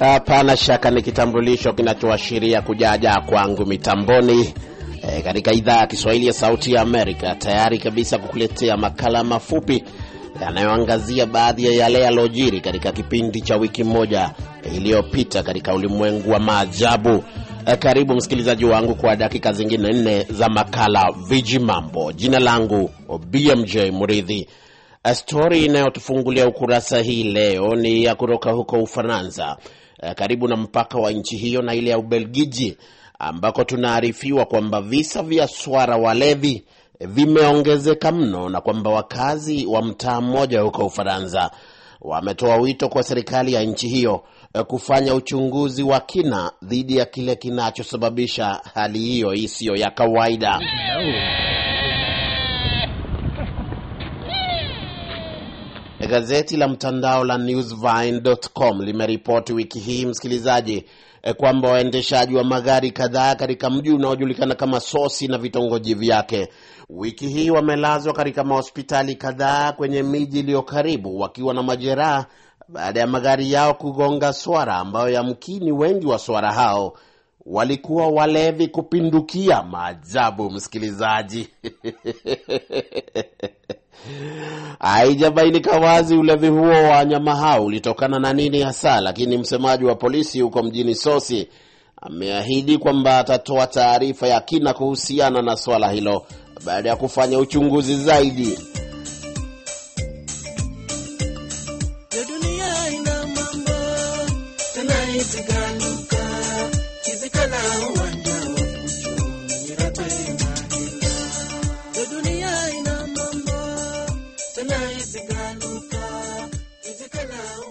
Hapana shaka ni kitambulisho kinachoashiria kujaja kwangu mitamboni e, katika idhaa ya Kiswahili ya Sauti ya Amerika, tayari kabisa kukuletea makala mafupi yanayoangazia baadhi ya yale yalojiri katika kipindi cha wiki moja iliyopita katika ulimwengu wa maajabu. E, karibu msikilizaji wangu kwa dakika zingine nne za makala Viji Mambo. Jina langu BMJ Muridhi. E, stori inayotufungulia ukurasa hii leo ni ya kutoka huko Ufaransa Eh, karibu na mpaka wa nchi hiyo na ile ya Ubelgiji, ambako tunaarifiwa kwamba visa vya swara walevi eh, vimeongezeka mno na kwamba wakazi wa mtaa mmoja huko Ufaransa wametoa wito kwa serikali ya nchi hiyo eh, kufanya uchunguzi wa kina dhidi ya kile kinachosababisha hali hiyo isiyo ya kawaida. Gazeti la mtandao la newsvine.com limeripoti wiki hii, msikilizaji, eh, kwamba waendeshaji wa magari kadhaa katika mji unaojulikana kama Sosi na vitongoji vyake wiki hii wamelazwa katika mahospitali kadhaa kwenye miji iliyo karibu wakiwa na majeraha baada ya magari yao kugonga swara ambayo yamkini wengi wa swara hao walikuwa walevi kupindukia maajabu, msikilizaji. Haijabainika wazi ulevi huo wa wanyama hao ulitokana na nini hasa, lakini msemaji wa polisi huko mjini Sosi ameahidi kwamba atatoa taarifa ya kina kuhusiana na swala hilo baada ya kufanya uchunguzi zaidi.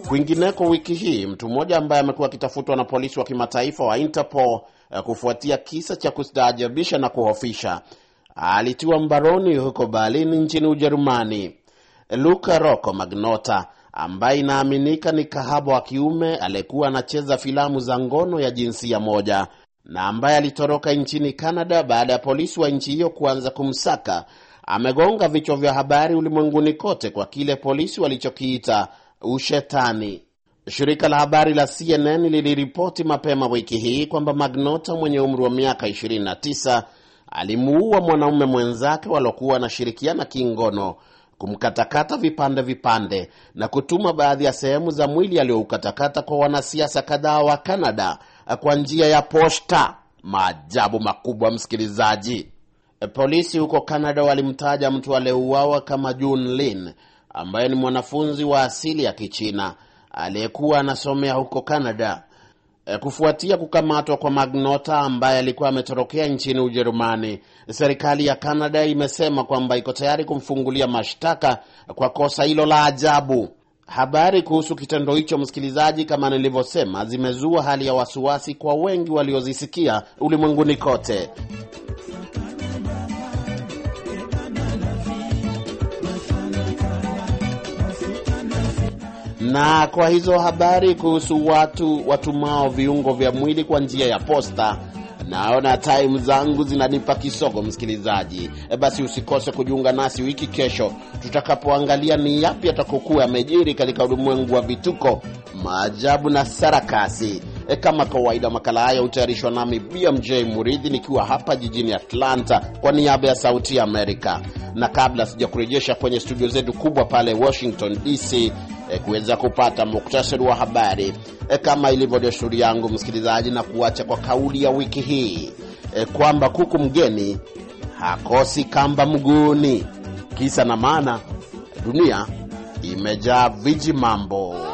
Kwingineko wiki hii mtu mmoja ambaye amekuwa akitafutwa na polisi wa kimataifa wa Interpol eh, kufuatia kisa cha kustaajabisha na kuhofisha alitiwa mbaroni huko Berlin nchini Ujerumani. luka Rocco Magnota ambaye inaaminika ni kahaba wa kiume aliyekuwa anacheza filamu za ngono ya jinsia moja na ambaye alitoroka nchini Canada baada ya polisi wa nchi hiyo kuanza kumsaka amegonga vichwa vya habari ulimwenguni kote kwa kile polisi walichokiita ushetani. Shirika la habari la CNN liliripoti mapema wiki hii kwamba Magnota mwenye umri wa miaka 29 alimuua mwanaume mwenzake waliokuwa anashirikiana kingono, kumkatakata vipande vipande na kutuma baadhi ya sehemu za mwili aliyoukatakata kwa wanasiasa kadhaa wa Kanada kwa njia ya posta. Maajabu makubwa, msikilizaji. Eh, polisi huko Canada walimtaja mtu aliyeuawa kama Jun Lin ambaye ni mwanafunzi wa asili ya Kichina aliyekuwa anasomea huko Canada eh, kufuatia kukamatwa kwa Magnota ambaye alikuwa ametorokea nchini Ujerumani. Serikali ya Canada imesema kwamba iko tayari kumfungulia mashtaka kwa kosa hilo la ajabu. Habari kuhusu kitendo hicho, msikilizaji, kama nilivyosema, zimezua hali ya wasiwasi kwa wengi waliozisikia ulimwenguni kote. Na kwa hizo habari kuhusu watu watumao viungo vya mwili kwa njia ya posta, naona taimu zangu zinanipa kisogo, msikilizaji. E, basi usikose kujiunga nasi wiki kesho tutakapoangalia ni yapi atakokuwa yamejiri katika ulimwengu wa vituko, maajabu na sarakasi. E, kama kawaida makala haya hutayarishwa nami BMJ Muridhi nikiwa hapa jijini Atlanta kwa niaba ya Sauti ya Amerika, na kabla sijakurejesha kwenye studio zetu kubwa pale Washington DC e, kuweza kupata muktasari wa habari e, kama ilivyo desturi yangu, msikilizaji, na kuacha kwa kauli ya wiki hii e, kwamba kuku mgeni hakosi kamba mguuni. Kisa na maana, dunia imejaa viji mambo. Oh,